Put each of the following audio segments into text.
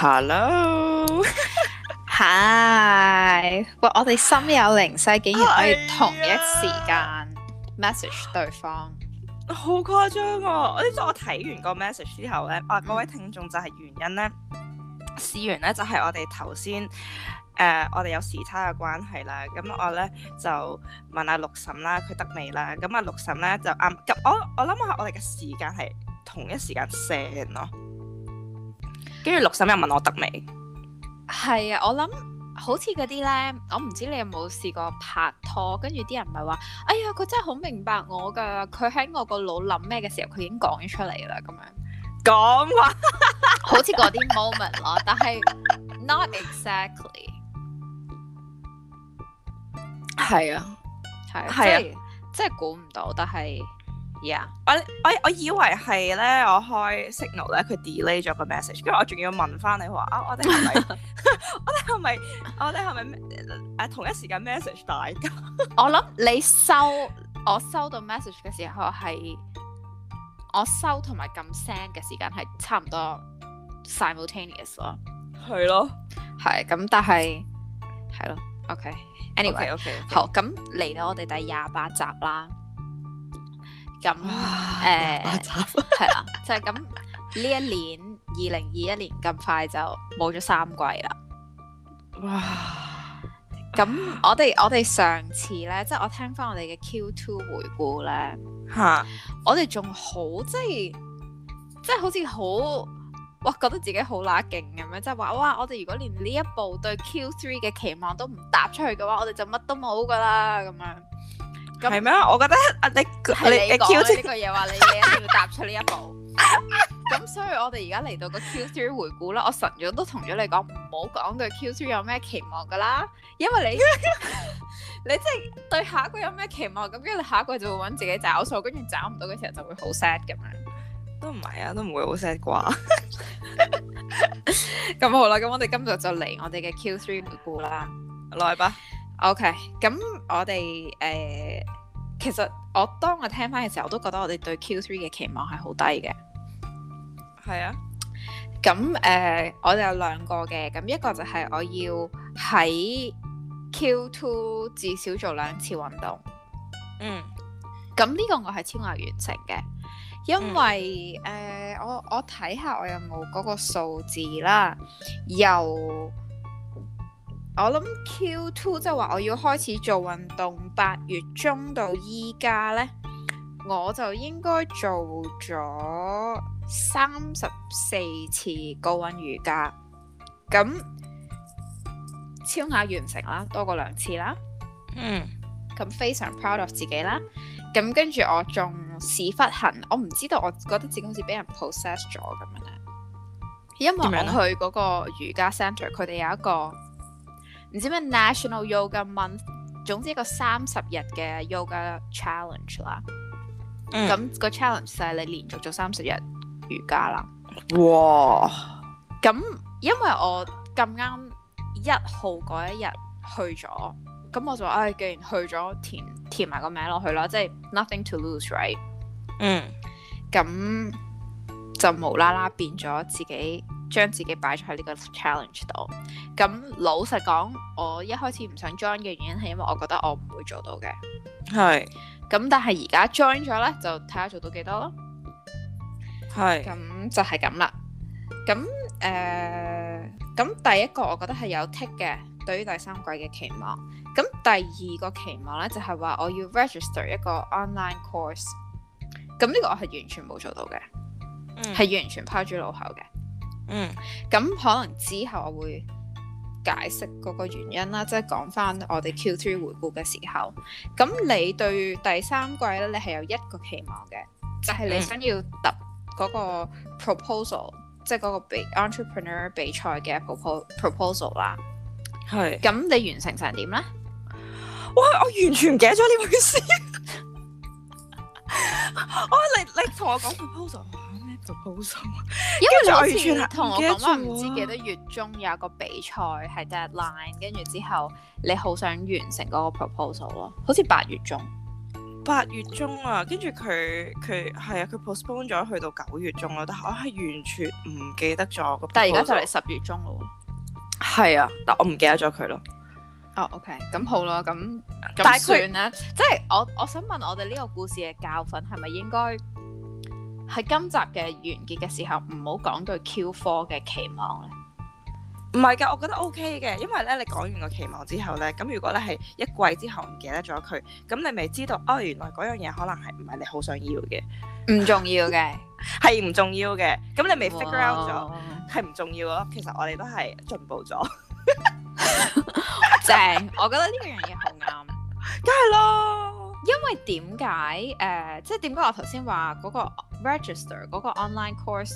Hello，係喂，我哋心有靈犀， 竟然可以同一時間 message 對方，好誇張、哦、 啊！我知我睇完個 message 之後咧，啊各位聽眾就係原因咧，事緣咧就係我哋頭先誒，我哋有時差嘅關係啦。咁我咧就問阿六嬸啦，佢得未啦？咁啊六嬸咧就啱，我我諗下我哋嘅時間係同一時間 send 咯。跟住六嬸又問我得未？係啊，我諗好似嗰啲咧，我唔知你有冇試過拍拖，跟住啲人唔係話，哎呀佢真係好明白我㗎，佢喺我個腦諗咩嘅時候，佢已經講咗出嚟啦，咁樣講話， 好似嗰啲 moment 咯， 但係 not exactly，係啊，係啊，啊啊即係即係估唔到，但係。Yeah，我我我以為係咧，我開 Signal 咧，佢 delay 咗個 message，跟住我仲要問翻你話啊，我哋係咪？我哋係咪？我哋係咪？誒同一時間 message 大家？我諗你收我收到 message 嘅時候係我收同埋撳 send 嘅時間係差唔多 simultaneous 咯。係咯，係咁，但係係咯。OK，anyway，OK，好，咁嚟到我哋第廿八集啦。咁誒係啦，就係咁呢一年二零二一年咁快就冇咗三季啦。哇！咁樣 我哋我哋上次咧，即係我聽翻我哋嘅 Q2 回顧咧，嚇哈我哋仲好，即係即係好似好哇，覺得自己好乸勁咁樣，即係話哇，我哋如果連呢一步對 Q3 嘅期望都唔踏出去嘅話，我哋就乜都冇噶啦咁樣。係咩、嗯？我覺得啊，你你你講呢個嘢話， 你一定要踏出呢一步。咁、 嗯、所以我，我哋而家嚟到個 Q3 回顧啦。我神早都同咗你講，唔好講對 Q3 有咩期望噶啦。因為你 你即係對下一個有咩期望，咁跟住你下一個就會揾自己找數，跟住找唔到嘅時候就會好 sad 噶嘛。都唔係啊，都唔會好 sad 啩。咁好啦，咁我哋今日就嚟我哋嘅 Q3 回顧啦。來吧。 OK，咁我哋誒、呃、其實我當我聽翻嘅時候，我都覺得我哋對 Q3 嘅期望係好低嘅。係啊，咁誒、呃、我哋有兩個嘅，咁一個就係我要喺 Q2 至少做兩次運動。嗯，咁呢個我係超額完成嘅，因為誒、嗯呃、我我睇下我有冇嗰個數字啦，又。我諗 Q two 即係話我要開始做運動，八月中到依家呢，我就應該做咗三十四次高溫瑜伽，咁超額完成啦，多過兩次啦。嗯，咁非常 proud of 自己啦。咁跟住我仲屎忽痕，我唔知道，我覺得自己好似俾人 possess 咗咁樣咧，因為我去嗰個瑜伽 center，佢哋有一個。唔知咩 National Yoga Month，總之一個三十日嘅 yoga challenge 啦。咁、嗯、個 challenge 就係你連續做三十日瑜伽啦。哇！咁因為我咁啱一號嗰一日去咗，咁我就話唉、哎，既然去咗，填填埋個名落去啦，即、就、係、是、nothing to lose，right？嗯。咁就無啦啦變咗自己。將自己擺咗喺呢個 challenge 度，咁老實講，我一開始唔想 join 嘅原因係因為我覺得我唔會做到嘅。係是，咁但係而家 join 咗呢，就睇下做到幾多咯。係是，咁就係咁啦，咁誒，咁、呃、第一個我覺得係有 tick 嘅，對於第三季嘅期望，咁第二個期望呢，就係、是、話我要 register 一個 online course，咁呢個我係完全冇做到嘅，嗯，係完全拋諸腦後嘅。嗯，咁可能之後我會解釋嗰個原因啦，即係講翻我哋 Q3 回顧嘅時候。咁你對第三季咧，你係有一個期望嘅，就係、是、你想要揼嗰個 proposal，、嗯、即係嗰個比 entrepreneur 比賽嘅 proposal 啦。係是。咁你完成成點咧？哇！我完全唔記得咗呢回事。 哦，你你同我講 proposal。因為你之前同我講話唔知幾多月中有一個比賽係 deadline，跟住之後你好想完成嗰個 proposal 咯，好似八月中，八月中啊，跟住佢佢係啊，佢 postpone 咗去到九月中咯，但係我係完全唔記得咗。但係而家就嚟十月中咯，係啊，但我唔記得咗佢咯。哦，oh，OK，咁好啦，啊，咁但係佢咧，佢即係我我想問我哋呢個故事嘅教訓係咪應該？喺今集嘅完結嘅時候，唔好講對 Q4 嘅期望咧。唔係㗎，我覺得 OK 嘅，因為咧你講完個期望之後咧，咁如果咧係一季之後唔記得咗佢，咁你咪知道哦，原來嗰樣嘢可能係唔係你好想要嘅，唔重要嘅，係唔重要嘅。咁你咪 figure out 咗，係唔重要咯。其實我哋都係進步咗，正。我覺得呢樣嘢好啱，梗係咯。因為點解誒，即係點解我頭先話嗰個 register 嗰個 online course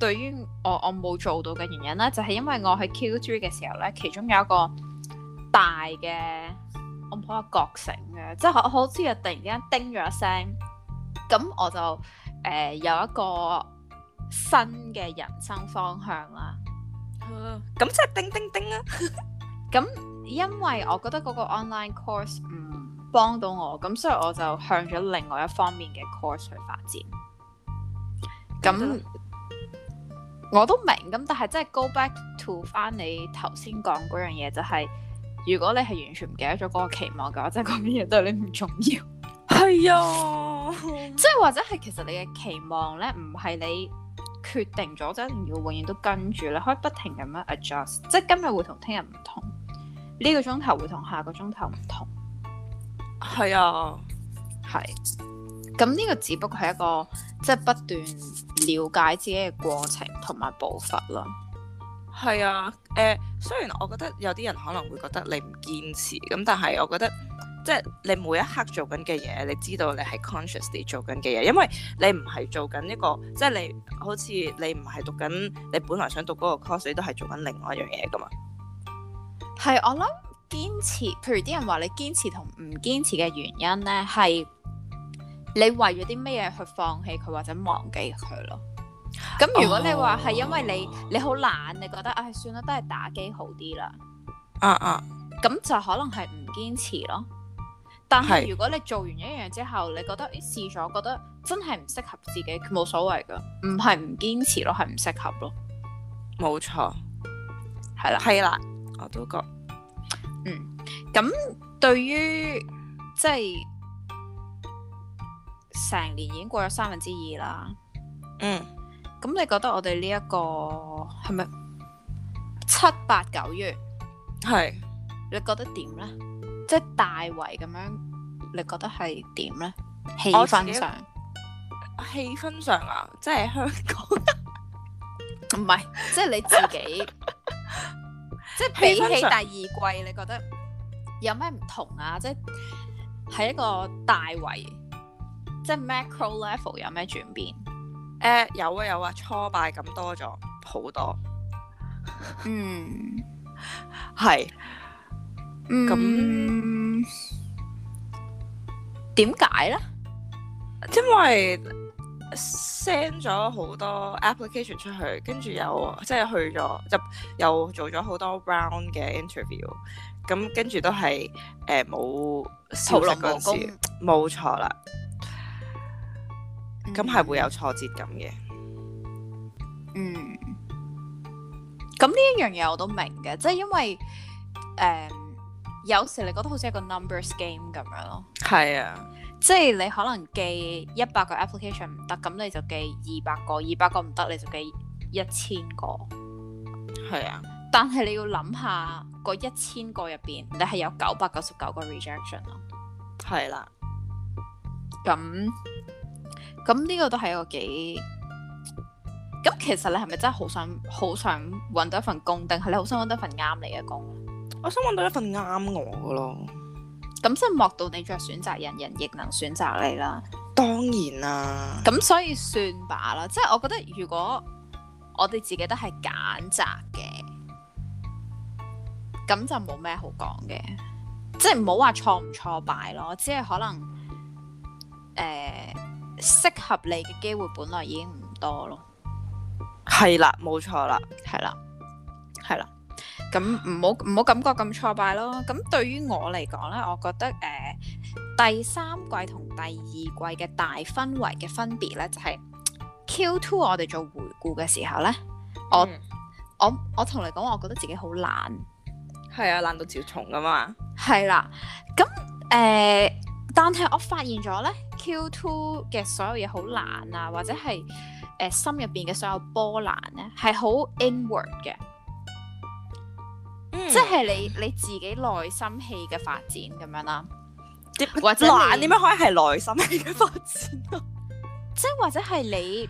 對於我我冇做到嘅原因咧，就係、是、因為我去 Q3 嘅時候咧，其中有一個大嘅我唔、就是、好話覺醒嘅，即係好好似又突然之間叮咗一聲，咁我就誒、呃、有一個新嘅人生方向啦。咁即係叮叮叮啦。咁 因為我覺得嗰個 online course 唔。幫到我咁，所以我就向咗另外一方面嘅 course 去發展。咁我都明咁，但係真係 go back to 翻你頭先講嗰樣嘢，就係、係、如果你係完全唔記得咗嗰個期望嘅話，即係嗰樣嘢對你唔重要。係 啊， 即係或者係其實你嘅期望咧，唔係你決定咗就一定要永遠都跟住，你可以不停咁樣 adjust，即係今日會同聽日唔同，呢、呢個鐘頭會同下個鐘頭唔同。係啊，係。咁呢個只不過係一個即係、就是、不斷了解自己嘅過程同埋步伐啦。係啊，誒、呃，雖然我覺得有啲人可能會覺得你唔堅持，咁但係我覺得即係、就是、你每一刻做緊嘅嘢，你知道你係 consciously 做緊嘅嘢，因為你唔係做緊、這、一個即係、就是、你好似你唔係讀緊你本來想讀嗰個 course，你都係做緊另外一樣嘢噶嘛。係我諗。堅持，譬如啲人話你堅持同唔堅持嘅原因呢，係你為咗啲咩嘢去放棄佢或者忘記佢咯？咁如果你話係因為你、oh. 你好懶，你覺得唉、哎，算啦，都係打機好啲啦。咁、uh, uh. 就可能係唔堅持咯。但係如果你做完一樣之後，是你覺得誒試咗覺得真係唔適合自己，佢冇所謂噶，唔係唔堅持咯，係唔適合咯。冇錯錯，係啦，係啦，我都覺。嗯，咁對於即係成年已經過咗三分之二啦。嗯，咁你覺得我哋呢一個係咪七八九月？係，你覺得點呢？即係大圍咁樣，你覺得係點呢？氣氛上，氣氛上啊，即係香港， 唔係，即係你自己。 即係比起第二季， 你覺得有咩唔同啊？即係一個大圍，即係 macro level 有咩轉變？誒、呃，有啊有啊，挫敗感多咗好多。 嗯，係。咁點解呢？因為。send 咗好多 application 出去，跟住又即係去咗，就又做咗好多 round 嘅 interview，咁跟住都係誒冇投落去冇錯啦，咁係、嗯、會有挫折感嘅。嗯，咁呢一樣嘢我都明嘅，即係因為誒、呃、有時你覺得好似一個 numbers game 咁樣咯。係啊。即係你可能寄一百個 application 唔得，咁你就寄二百個，二百個唔得，你就寄一千個。係啊。但係你要諗下，個一千個入邊，你係有九百九十九個 rejection 咯。係啦。咁咁呢個都係一個幾咁，其實你係咪真係好想好想搵到一份工，定係你好想搵到一份啱你嘅工？我想搵到一份啱我嘅咯。 咁失莫到你再選擇人人亦能選擇你啦。當然啦、啊。咁所以算吧啦，即係我覺得如果我哋自己都係揀擇嘅，咁就冇咩好講嘅。即係唔好話錯唔錯敗咯，只係可能誒、呃、適合你嘅機會本來已經唔多咯。係啦，冇錯啦，係啦，係啦。咁唔好唔好感覺咁挫敗咯。咁對於我嚟講咧，我覺得誒、呃、第三季同第二季嘅大氛圍嘅分別咧，就係、是、Q two 我哋做回顧嘅時候咧、嗯，我我我同你講，我覺得自己好難，係、嗯、啊，難到招蟲㗎嘛。係啦、啊，咁誒、呃，但係我發現咗咧，Q two 嘅所有嘢好難啊，或者係誒、呃、心入邊嘅所有波瀾咧，係好 inward 嘅。即係你你自己內心戲嘅發展咁樣啦，或者難點樣可以係內心戲嘅發展咯、啊？ 即係或者係你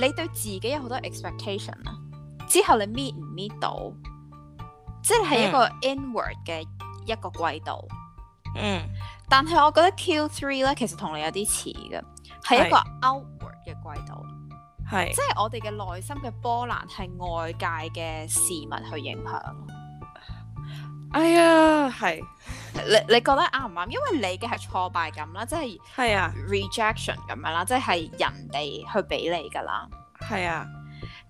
你對自己有好多 expectation 啦，之後你 meet 唔 meet 到？即係一個 inward 嘅一個季度，嗯。但係我覺得 Q three 咧，其實同你有啲似嘅，係一個 outward 嘅季度，係，即係我哋嘅內心嘅波瀾係外界嘅事物去影響。哎呀，係你你覺得啱唔啱？因為你嘅係挫敗感啦，即、就、係、是、係啊 rejection 咁樣啦，即係人哋去俾你噶啦。係啊，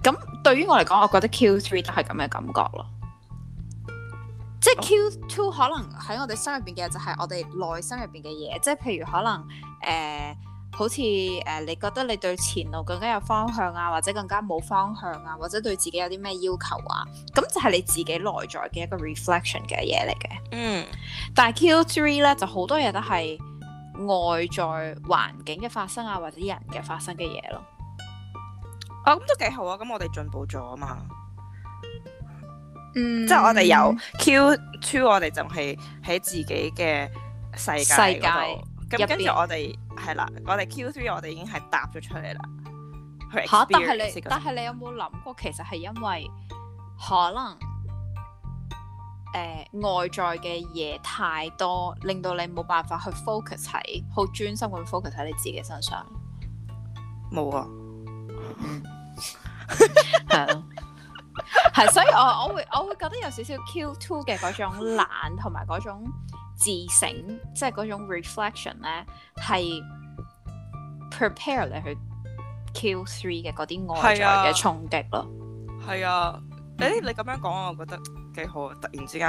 咁、啊、對於我嚟講，我覺得 Q three 都係咁嘅感覺咯。即係 Q two 可能喺我哋心入邊嘅就係我哋內心入邊嘅嘢，即係譬如可能誒。呃好似誒、呃，你覺得你對前路更加有方向啊，或者更加冇方向啊，或者對自己有啲咩要求啊？咁就係你自己內在嘅一個 reflection 嘅嘢嚟嘅。嗯。但係 Q three 咧，就好多嘢都係外在環境嘅發生啊，或者人嘅發生嘅嘢咯。哦，咁都幾好啊！咁我哋進步咗啊嘛。嗯。即係我哋有 Q two，我哋就係喺自己嘅世界嗰度，咁跟住我哋。係啦，那個、Q 我哋 Q3 我哋已經係答咗出嚟啦。嚇、啊！但係你，這樣 但係你有冇諗過，其實係因為可能誒、呃、外在嘅嘢太多，令到你冇辦法去 focus 喺好專心咁 focus 喺你自己身上。冇有啊。係咯。係，所以我我會我會覺得有少少 Q two 嘅嗰種懶同埋嗰種自省，即係嗰種 reflection 咧，係 prepare 你去 Q three 嘅嗰啲外在嘅衝擊咯。係啊，誒，你咁樣講，我覺得幾好啊！突然之間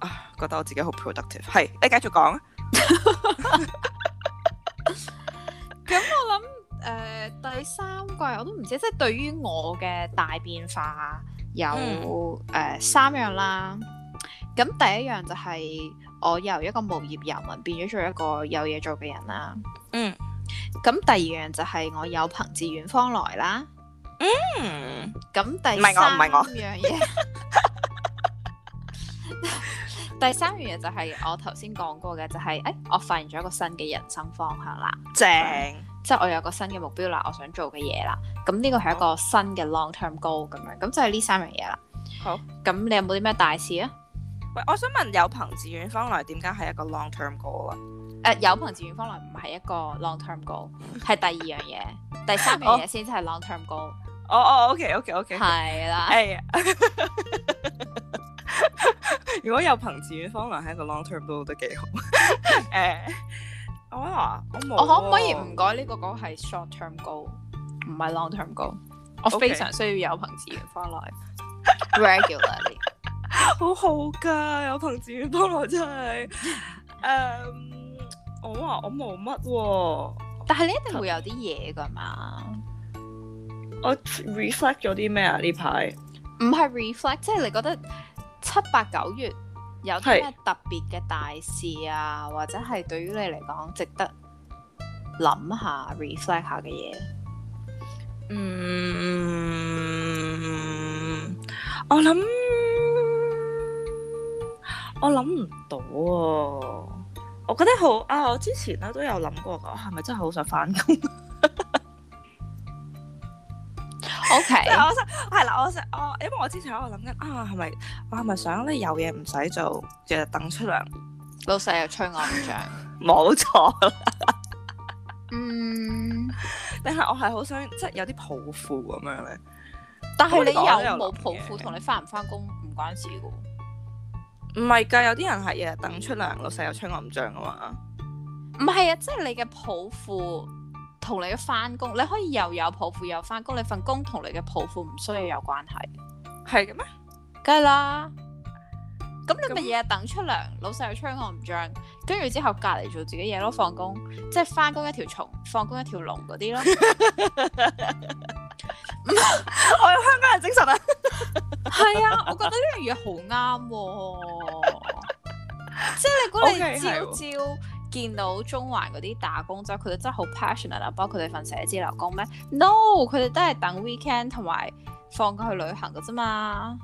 啊，覺得我自己好 productive。係，你繼續講啊。咁？誒、呃，第三季我都唔知，即係對於我嘅大變化有誒、嗯呃、三樣啦。咁第一樣就係我由一個無業游民變咗做一個有嘢做嘅人啦。嗯。咁第二樣就係我有朋自遠方來啦。嗯。咁第三唔係我唔係我，樣嘢。第三樣嘢 就係我頭先講過嘅、就係，就係誒，我發現咗一個新嘅人生方向啦。正。即係我有個新嘅目標啦，我想做嘅嘢啦，咁呢個係一個新嘅 long term goal 咁樣，咁就係呢三樣嘢啦。好，咁你有冇啲咩大事啊？喂，我想問有朋自遠方來點解係一個 long term goal 啊？誒、呃，有朋自遠方來唔係一個 long term goal，係 第二樣嘢，第三樣嘢先至係 long term goal。哦哦、oh, oh,，OK OK OK 了。係啦。係。如果有朋自遠方來係一個 long term goal 都幾好。誒、 欸。我啊，我冇、oh, oh,。我可唔可以唔改呢個歌係 short term goal，唔係 long term goal？我非常需要有朋自遠方來 regularly。 好好噶，有朋自遠方來真係。嗯，我話我冇乜，但係你一定會有啲嘢噶嘛？我、right? reflect 咗啲咩啊？呢排唔係 reflect，即係你覺得七八九月。有啲咩特別嘅大事啊，或者係對於你嚟講值得諗下、reflect 下嘅嘢？嗯，我諗我諗唔到啊。我覺得好啊！我之前咧都有諗過㗎，係咪真係好想返工？ O Okay . K，我成係啦，我成我，啊，因為我之前喺度諗緊啊，係咪我係咪想咧有嘢唔使做，日日等出糧，老細又吹我唔漲，冇錯。嗯，定係我係好想即係有啲抱負咁樣咧？ 但係是你，你有冇抱負同你返唔返工唔關事噶？唔係噶，有啲人係日日等出糧，嗯、老細又吹我唔漲噶嘛？唔係啊，即、就、係、是、你嘅抱負。同你一翻工，你可以又有抱負又翻工，你份工同你嘅抱負唔需要有關係，係嘅咩？梗係啦，咁、嗯、你咪日日等出糧，老細又吹我唔脹，跟住之後隔離做自己嘢咯、啊，放工即係翻工一條蟲，放工一條龍嗰啲咯。我有香港人精神啊， 係 啊，我覺得呢樣嘢好啱， 即係你估你照照。見到中環嗰啲打工仔，佢哋真係好 passionate 啊！包括佢哋份寫字樓工咩？No，佢哋都係等 weekend 同埋放假去旅行嘅啫嘛。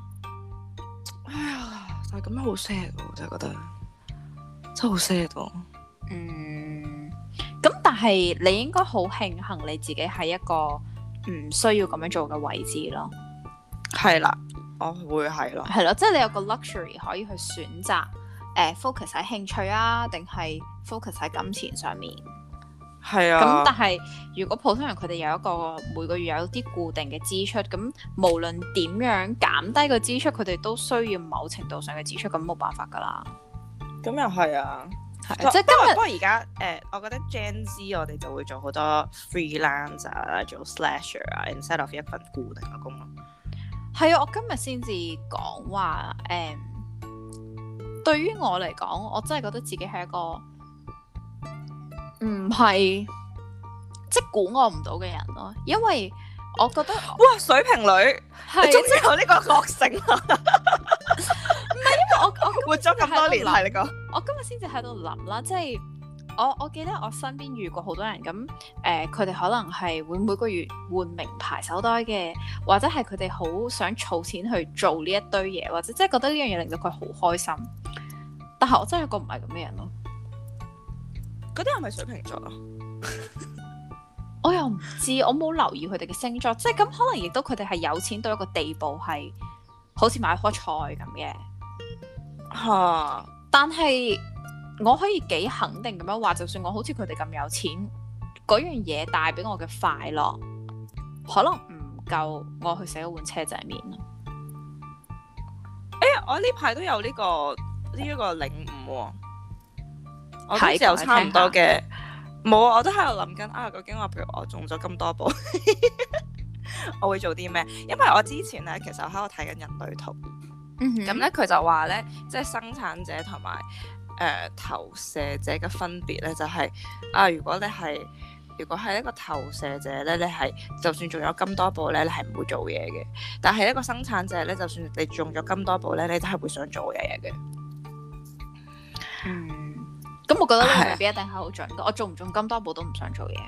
哎呀，但係咁樣好 sad，我就覺得真係好 sad 咯。嗯，咁但係你應該好慶幸你自己喺一個唔需要咁樣做嘅位置咯。係啦，我會係咯。係咯，即係你有個 luxury 可以去選擇。誒、uh, focus 喺興趣啊，定係 focus 喺金錢上面。係啊。咁但係，如果普通人佢哋有一個每個月有啲固定嘅支出，咁無論點樣減低個支出，佢哋都需要某程度上嘅支出，咁冇辦法㗎啦。咁又係啊，即係、啊係、今日。不過而家誒，uh, 我覺得 Gen Z 我哋就會做好多 freelancer 啊，做 slasher 啊，instead of 一份固定嘅工咯。係啊，我今日先至講話誒。對於我嚟講，我真係覺得自己係一個唔係即係管我唔到嘅人咯，因為我覺得哇水瓶女，總之有呢個個性啦，唔係因為我我活咗咁多年，係你講，我今日先至喺度諗啦，即係。我我記得我身邊遇過好多人咁，誒佢哋可能係會每個月換名牌手袋嘅，或者係佢哋好想儲錢去做呢一堆嘢，或者即係覺得呢樣嘢令到佢好開心。但係我真係一個唔係咁嘅人咯。嗰啲人係水瓶座啊， 我又唔知，我冇留意佢哋嘅星座， 即係咁可能亦都佢哋係有錢到一個地步，係好似買棵菜咁嘅。嚇、啊！但係。我可以幾肯定咁樣話，就算我好似佢哋咁有錢，嗰樣嘢帶俾我嘅快樂，可能唔夠我去食一碗車仔麵咯。欸，我呢排都有呢、呢個呢、呢個哦、一個領悟喎，我都有差唔多嘅。冇啊，我都喺度諗緊啊，究竟話譬如我中咗咁多寶， 我會做啲咩？因為我之前呢，其實喺度睇緊人類圖，嗯哼，咁咧佢就話呢，即係生產者同埋，誒、呃、投射者嘅分別咧，就係、是、啊，如果你係如果係一個投射者咧，你係就算中咗金多寶咧，你係唔會做嘢嘅。但係一個生產者咧，就算你中咗金多寶咧，你都係會想做嘢嘅。嗯，咁我覺得呢個未必一定係好準㗎。啊、我中唔中金多寶都唔想做嘢。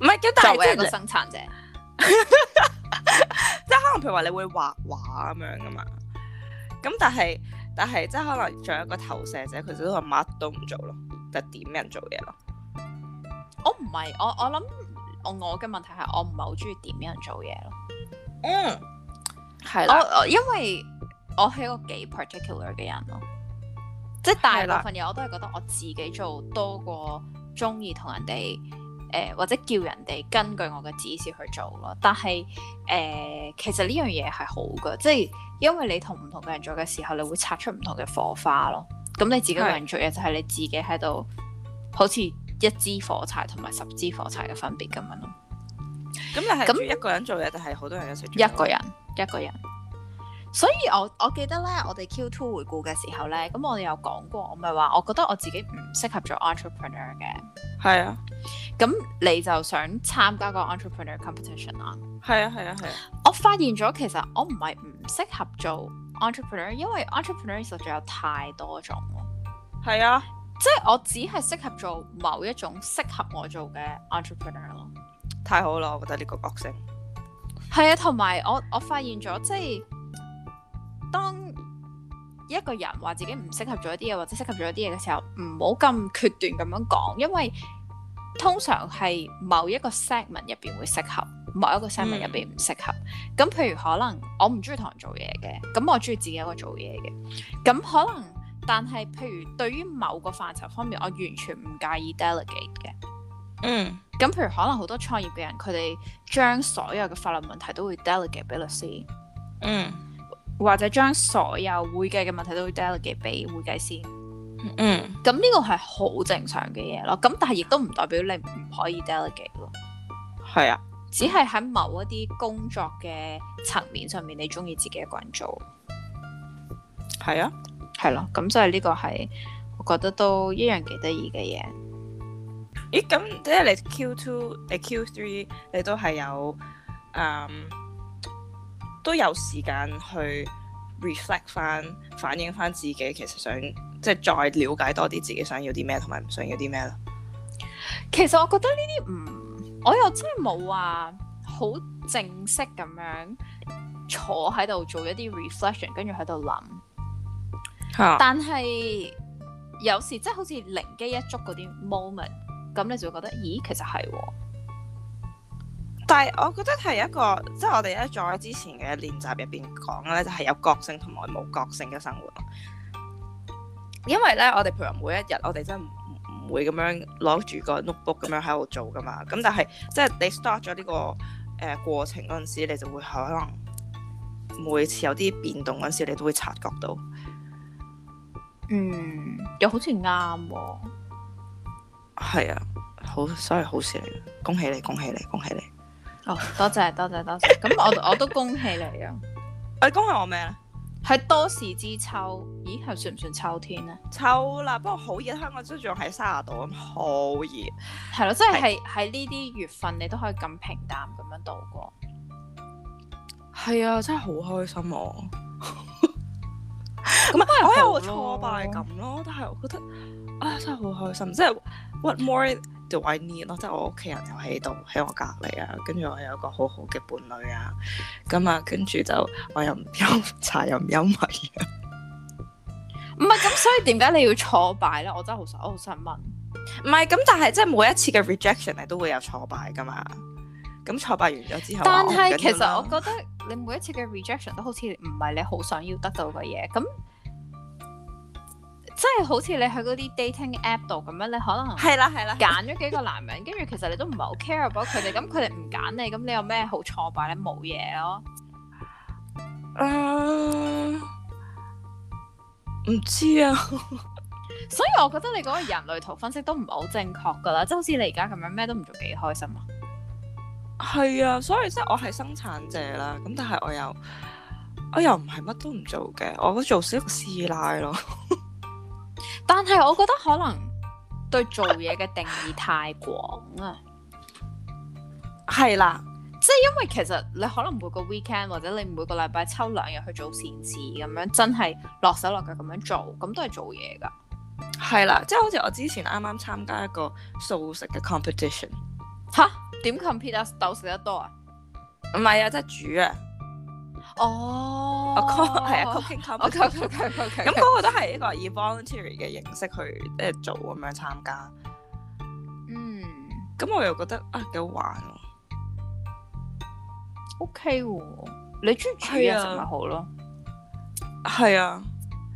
唔係， 但係即係一個生產者， 即係可能譬如話你會畫畫咁樣噶嘛，咁但係。但係，即係可能仲有一個投射者，佢就都話乜都唔做咯，就點人做嘢咯。我唔係，我我諗我嘅問題係我唔係好中意點人做嘢咯。嗯，係咯了。我我因為我係一個幾 particular 嘅人咯，即係是大是部分嘢我都係覺得我自己做多過中意同人哋。誒或者叫人哋根據我嘅指示去做咯，但係誒、呃、其實呢樣嘢係好㗎，即係因為你同唔同嘅人做嘅時候，你會擦出唔同嘅火花咯。咁你自己個人做嘢就係你自己喺度，好似一支火柴同埋十支火柴嘅分別咁樣咯。咁你係一個人做嘢定係好多人一齊做？一個人，一個人。所以我我記得咧，我哋 Q Two 回顧嘅時候咧，咁我哋有講過，我咪話我覺得我自己唔適合做 entrepreneur 嘅。係啊，咁你就想參加個 entrepreneur competition 啊？係啊，係啊，係啊！我發現咗其實我唔係唔適合做 entrepreneur，因為 entrepreneur 實在有太多種咯。係啊，即係我只係適合做某一種適合我做嘅 entrepreneur 咯。太好啦！我覺得呢個角色係啊，同埋我我發現咗即係。當一個人話自己唔適合做一啲嘢，或者適合做一啲嘢嘅時候，唔好咁決斷咁樣講，因為通常係某一個 segment 入邊會適合，某一個 segment 入邊唔適合。咁、嗯、譬如，可能我唔中意同人做嘢嘅，咁我中意自己一個做嘢嘅。咁可能，但係譬如對於某個範疇方面，我完全唔介意 delegate 嘅。嗯。咁譬如可能好多創業嘅人，佢哋將所有嘅法律問題都會 delegate 俾律師。嗯。或者將所有會計嘅問題都 delegate 俾會計師，嗯，咁呢個係好正常嘅嘢咯。咁但係亦都唔代表你唔可以 delegate 咯。係啊，只係喺某一啲工作嘅層面上面，你中意自己一個人做。係啊，係咯。咁所以呢個係我覺得都一樣幾得意嘅嘢。咦？咁即係你 Q two、你 Q three，你都係有嗯？Um, 都有時間去 reflect 翻、反映翻自己，其實想即係再了解多啲自己想要啲咩，同埋唔想要啲咩咯。其實我覺得呢啲唔，我又真係冇話好正式咁樣坐喺度做一啲 reflection，跟住喺度諗。啊、但係有時即係好似靈機一觸嗰啲 moment，咁你就會覺得，咦，其實係喎，哦。但係我覺得係一個，即係我哋咧再之前嘅練習入邊講咧，就係、是、有覺性同埋冇覺性嘅生活。因為咧，我哋譬如每一日，我哋真唔會咁樣攞住個 notebook 咁樣喺度做㗎嘛。咁但係即係你 start 咗呢個誒、呃、過程嗰陣時，你就會可能每次有啲變動嗰陣時，你都會察覺到。嗯，又好似啱喎。係啊，好，所以好事嚟嘅，恭喜你，恭喜你，恭喜你！哦，多謝多謝多謝，咁我我都恭喜你啊！我 恭喜我咩咧？係多事之秋，咦，係算唔算秋天咧？秋啦，不過好熱，香港即係仲喺卅度咁，好熱。係咯，即係喺呢啲月份，你都可以咁平淡咁樣度過。係啊，真係好開心啊！咁啊，我有個挫敗感咯，但係我覺得啊，真係好開心。即係 What more？就懷念咯，即係我屋企人又喺度喺我隔離啊，跟住我有一個好好嘅伴侶啊，咁、嗯、啊，跟住就我又唔憂柴又唔憂米啊。唔係咁，所以點解你要挫敗咧？我真係好想，我好想問。唔係咁，但係即係每一次嘅 rejection 你都會有挫敗噶嘛。咁挫敗完咗之後，但係是其實我覺得你每一次嘅 rejection 都好似唔係你好想要得到嘅嘢咁。即係好似你去嗰啲 dating app 度咁樣，你可能係啦係啦，揀咗幾個男人，跟住 其實你都唔係好 care about 佢哋。咁佢哋唔揀你，咁你有咩好挫敗咧？冇嘢咯。Uh, 啊，唔知啊。所以我覺得你嗰個人類圖分析都唔係好正確㗎啦。即係好似你而家咁樣，咩都唔做幾開心啊。係啊，所以即係我係生產者啦。咁但係我又我又唔係乜都唔做嘅，我都做少師奶咯。 但係我覺得可能對做嘢嘅定義太廣啦，係啦，即係因為其實你可能每個 weekend 或者你每個禮拜抽兩日去做善事咁樣，真係落手落腳咁樣做，咁都係做嘢噶。係啦，即係好似我之前啱啱參加一個素食嘅 competition，吓，點 compete，鬥食得多啊？唔係啊，即係煮啊。哦，啊，係啊，咁嗰個都係一個以 voluntary 嘅形式去誒做咁樣參加。嗯，咁我又覺得啊，幾好玩喎。ok 喎，你中意煮嘢食咪好咯。係啊，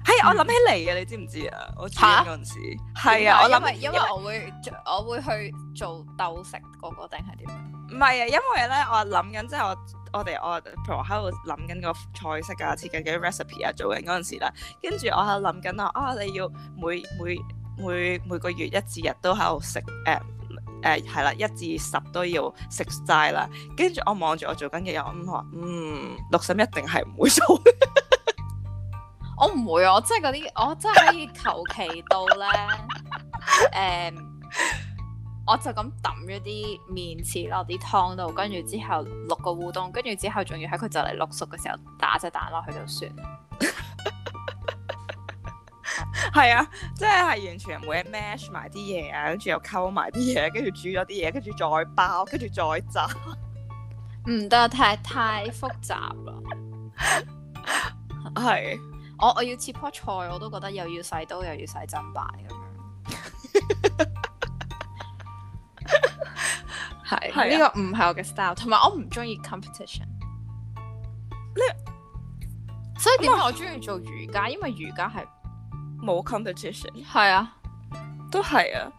係我諗起嚟嘅，你知唔知啊？我煮嗰陣時。係啊，我諗，因為我會我會去做豆食嗰個定係點樣？唔係啊，因為咧我諗緊即係我。我哋我喺度諗緊個菜式啊，設計嘅 recipe 啊，做緊嗰陣時啦，跟住我喺度諗緊我啊，你要每每每每個月一至日都喺度食誒誒係啦，一至十都要食晒啦，跟住我望住我做緊嘅嘢，我諗，嗯，六嬸一定係唔會做，我唔會啊，我真係嗰啲，我真係可以求其到咧誒。我就咁抌咗啲麵，切落啲湯度，跟住之後落個烏冬，跟住之後仲要喺佢就嚟碌熟嘅時候打隻蛋落去就算啦。係啊，即係完全唔會 match 埋啲嘢啊，跟住又溝埋啲嘢，跟住煮咗啲嘢，跟住再包，跟住再炸。唔得太太複雜啦。係 是，我我要切棵菜，我都覺得又要洗刀，又要洗砧板咁樣。係呢對、啊、個唔係我嘅 style，同埋我唔中意 competition。你所以點解我中意做瑜伽？因為瑜伽係冇沒 competition。係啊，都係啊。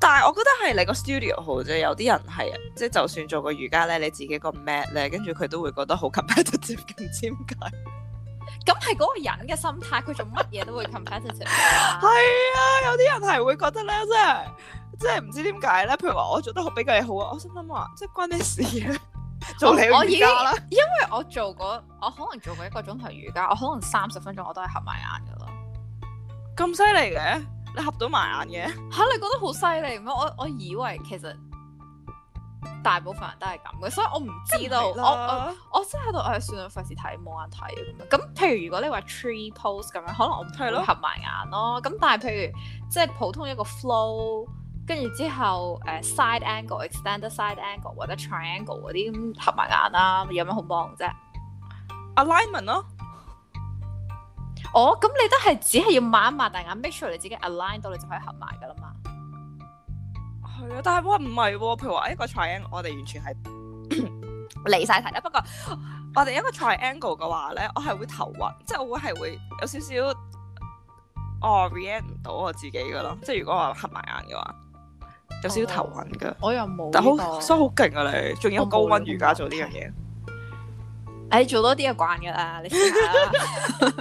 但係我覺得係你個 studio 好啫。有啲人係啊，即係就算做個瑜伽咧，你自己個 mat 咧，跟住佢都會覺得好 competitive。點解？咁係嗰個人嘅心態，佢做乜嘢都會 competitive。係 啊，有啲人係會覺得咧，即係。即係唔知點解咧？譬如話我做得較好，比較好啊！我心諗話，即係關咩事啊？ 做瑜伽啦，因為我做過，我可能做過一個鐘頭瑜伽，我可能三十分鐘我都係合埋眼噶咯。咁犀利嘅，你合到埋眼嘅吓、啊？你覺得好犀利咩？我我以為其實大部分人都係咁嘅，所以我唔知道。我我我真喺度，我、哎、算啦，費事睇冇眼睇咁樣咁，譬如如果你話 tree pose 咁樣，可能我唔會合埋眼咯。咁的但係譬如即係普通一個 flow。跟住之後，誒、呃、side angle、extended side angle 或者 triangle 嗰啲合埋眼啦、啊，有咩好幫啫？Alignment 咯。哦、啊，咁、啊、你都係只係要擘一擘大眼，make sure 你自己 align 到你就可以合埋噶啦嘛。係啊，但係我唔係喎，譬如話一個 triangle，我哋完全係 離晒題啦。不過我哋一個 triangle 嘅話咧，我係會頭暈，即係我會係會有少少 orient 唔到我自己噶咯。即係如果我合埋眼嘅話。 有少少頭暈噶，我又冇、這個。但好所以好勁啊！你仲要有高溫瑜伽做呢樣嘢？誒、欸，做多啲就慣噶啦。你試下啦。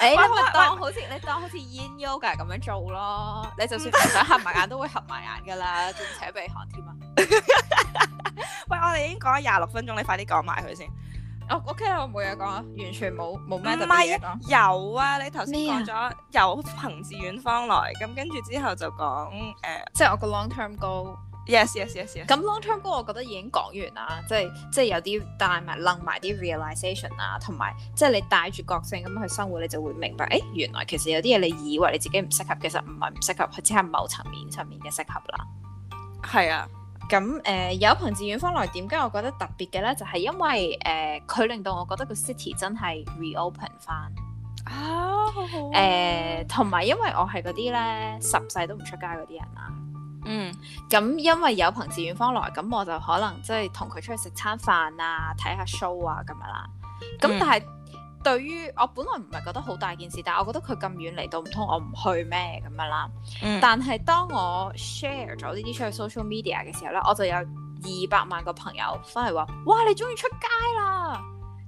誒、 欸，你當好似你當好似 Yin yoga 咁樣做咯。你就算唔想合埋眼，都會合埋眼噶啦，仲 扯鼻鼾添啊！ 喂，我哋已經講咗廿六分鐘，你快啲講埋佢先。O、okay, K 我冇嘢講啊，完全冇冇咩就冇嘢講。唔係，有啊，你頭先講咗有朋自遠方來，咁跟住之後就講誒，呃、即係我個 long term goal。Yes yes yes yes. 咁 long term goal 我覺得已經講完啦，即係即係有啲帶埋諗埋啲 realization 啊，同埋即係你帶住覺性咁樣去生活，你就會明白，誒、欸、原來其實有啲嘢你以為你自己唔適合，其實唔係唔適合，佢只係某層面上面嘅適合啦。係啊。咁誒、呃、有朋自遠方來，點解我覺得特別嘅呢？就係因為誒佢令到我覺得個 city 真係 reopen 翻啊！好好啊，誒，同埋因為我係嗰啲呢，十世都唔出街嗰啲人啦。嗯，咁因為有朋自遠方來，咁我就可能即係同佢出去食餐飯啊，睇下 show 啊咁樣啦。咁但係。嗯對於我本來唔係覺得好大件事，但係我覺得佢咁遠嚟到唔通我唔去咩咁樣啦。嗯、但係當我 share 咗呢啲出去 social media 嘅時候咧，我就有二百萬個朋友翻嚟話：哇！你終於出街啦！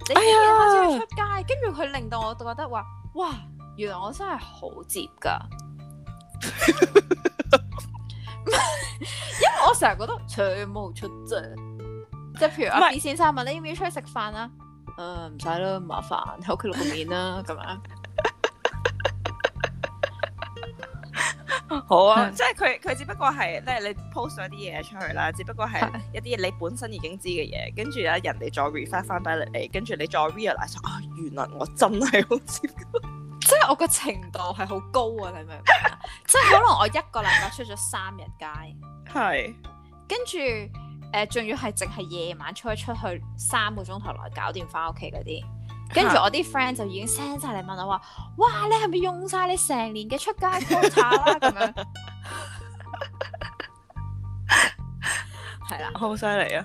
你竟然開始出街，跟住佢令到我覺得話：哇！原來我真係好接㗎。 因為我成日覺得全冇出街， 即係譬如阿李先生問是你要唔要出去食飯啊？誒，唔使啦，麻煩喺屋企露面啦、啊，咁樣 好啊！ 即係佢佢，只不過係咧，你 post 咗啲嘢出去啦，只不過係一啲你本身已經知嘅嘢，跟住咧，人哋再 reflect 翻翻嚟，跟住你再 r e a l i z erealize 啊，原來我真係好知， 即係我個程度係好高啊！你明唔明啊？ 即係可能我一個禮拜出咗三日街，係，跟住。誒，仲要係淨係夜晚出一出去，三個鐘頭內搞掂返屋企嗰啲，跟住我啲 friend 就已經 send 晒嚟問我話，哇，你係咪用晒你成年嘅出街拖叉啦？咁樣，係啦， 好犀利啊！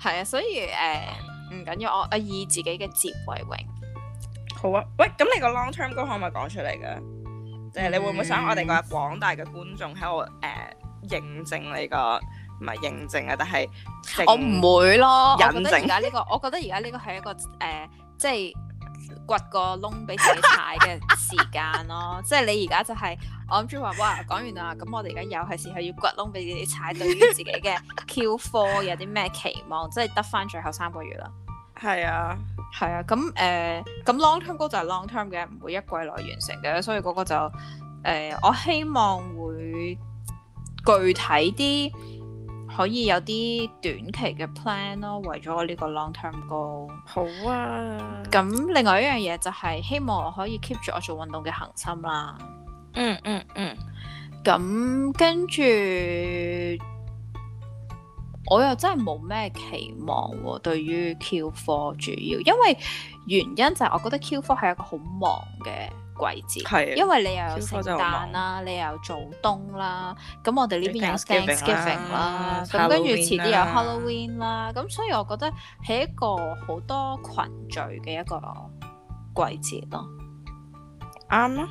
係啊，所以誒，唔緊要，我我以自己嘅節為榮。好啊，喂，咁你個 long term goal 可唔可以講出嚟噶？誒、即係，你會唔會想我哋個廣大嘅觀眾喺度誒認證你個？唔係認證啊，但係我唔會咯。我覺得而家呢個，我覺得而家呢個係一個誒，即係掘個窿俾自己踩嘅時間咯。即係你而家就係我諗住話，哇，講完啊，咁我哋而家又係時候要掘窿俾你哋踩。對於自己嘅 Q Four 有啲咩期望？即係得翻最後三個月啦。係啊，係啊。咁誒，咁 Long Term 嗰就係 Long Term 嘅，唔會一季內完成嘅，所以嗰個就誒，我希望會具體啲。可以有啲短期嘅 plan 咯，為咗我呢個 long term goal。好啊，咁另外一樣嘢就係希望我可以 keep 住我做運動嘅恒心啦。嗯嗯嗯，咁、嗯嗯、跟住我又真係冇咩期望喎。對於 Q Four 主要，因為原因就係我覺得 Q Four 係一個好忙嘅。季節，因為你又有聖誕啦，你又做冬啦，咁、嗯、我哋呢邊有 Thanksgiving 啦，咁跟住遲啲有 Halloween 啦，咁所以我覺得係一個好多群聚嘅一個、嗯、季節咯。啱啊，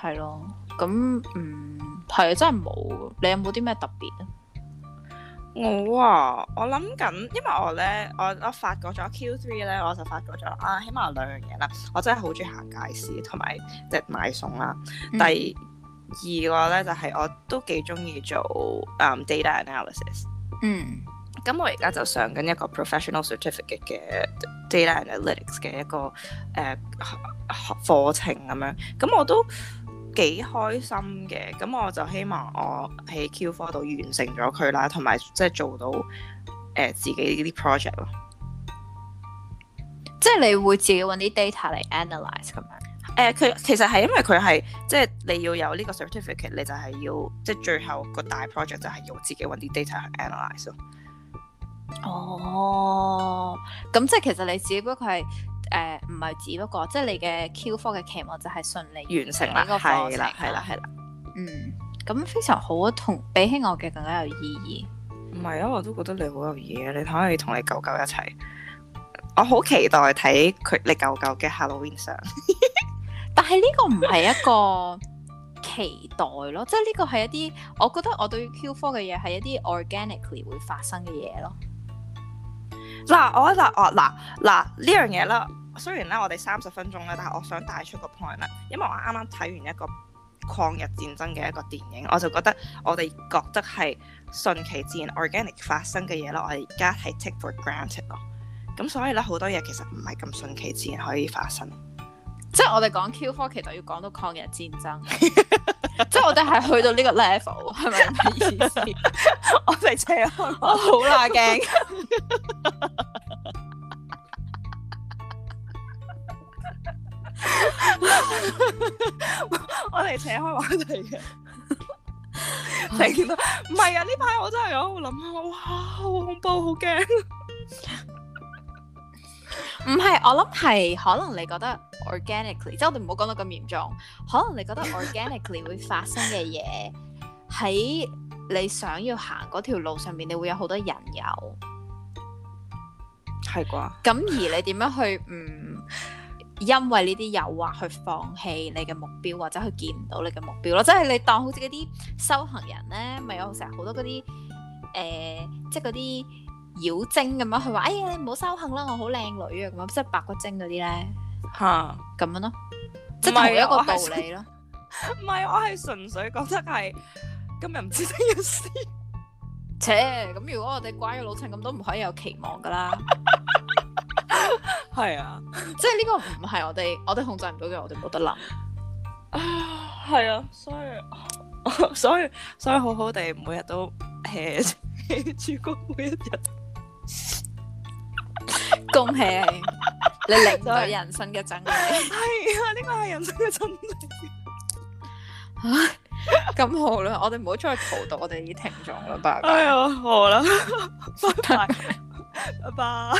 係咯，咁嗯，係、嗯、真係冇，你有冇啲咩特別啊？我啊，我諗緊，因為我咧，我我發覺咗 Q three 咧，我就發覺咗啊，起碼有兩樣嘢啦，我真係好中意行街市，同埋即係買餸啦。嗯、第二個咧就係、是、我都幾中意做誒、嗯、data analysis。嗯，咁我而家就上緊一個 professional certificate 嘅 data analytics 嘅一個誒課、呃、程咁樣，咁我都。幾開心嘅，咁我就希望我喺 Q4 度完成咗佢啦，同埋即係做到誒、呃、自己呢啲 project 咯。即係你會自己揾啲 data 嚟 analyze 咁樣？誒，佢其實係因為佢係即係你要有呢個 certificate，你就係要即係最後個大 project 就係要自己揾啲 data 去 analyze 咯。哦，咁即係其實你自己不過係。誒，唔係、呃、只不過，即係你嘅 Q Four 嘅期望就係順利完成呢個過程。係啦，係啦，係啦。嗯，咁非常好啊，同比起我嘅更加有意義。唔係啊，我都覺得你好有意義，你睇下你同你狗狗一齊，我好期待睇佢你狗狗嘅 Halloween 相。 但係呢個唔係一個期待咯， 即係呢個係一啲，我覺得我對 Q Four 嘅嘢係一啲 organically 會發生嘅嘢咯。嗱，我就話嗱嗱呢樣嘢啦，雖然咧我哋三十分鐘啦，但係我想帶出個 point 啦，因為我啱啱睇完一個抗日戰爭嘅一個電影，我就覺得我哋覺得係順其自然 organic 發生嘅嘢咧，我哋而家係 take for granted 咯，咁、嗯、所以咧好多嘢其實唔係咁順其自然可以發生。即係我哋講 Q3，其實要講到抗日戰爭， 即係我哋係去到呢個 level，係咪？ 我哋扯開， 我好啦，驚，我哋扯開話題嘅，唔係啊？呢排我真係好諗哇，好恐怖，好驚。 唔係，我諗係可能你覺得 organically，即係我哋唔好講到咁嚴重。可能你覺得 organically 會發生嘅嘢，喺你想要行嗰條路上面，你會有好多人有。係啩吧？咁而你點樣去唔、嗯、因為呢啲誘惑去放棄你嘅目標，或者去見唔到你嘅目標咯？即係你當好似嗰啲修行人咧，咪有成日好多嗰啲誒，即係嗰啲。妖精咁樣，佢話哎呀你唔好修行啦，我好靚女啊，咁即係白骨精嗰啲咧吓咁樣咯，即係同一個道理咯。唔係、啊、我係純 粹覺得係今日唔知咩事。切咁 如果我哋關於老陳咁都唔可以有期望噶啦，係 啊， 即係呢個唔係我哋我哋控制唔到嘅，我哋冇得諗。係 啊，所以 所以 所以好好地每日都 hea 住過每一日，都 日。 恭喜你領略人生嘅真理，係 啊，呢個係人生嘅真理。唉，咁好啦，我哋唔好再去荼毒我哋啲聽眾啦，拜拜。哎呀，好啦，拜拜，拜拜。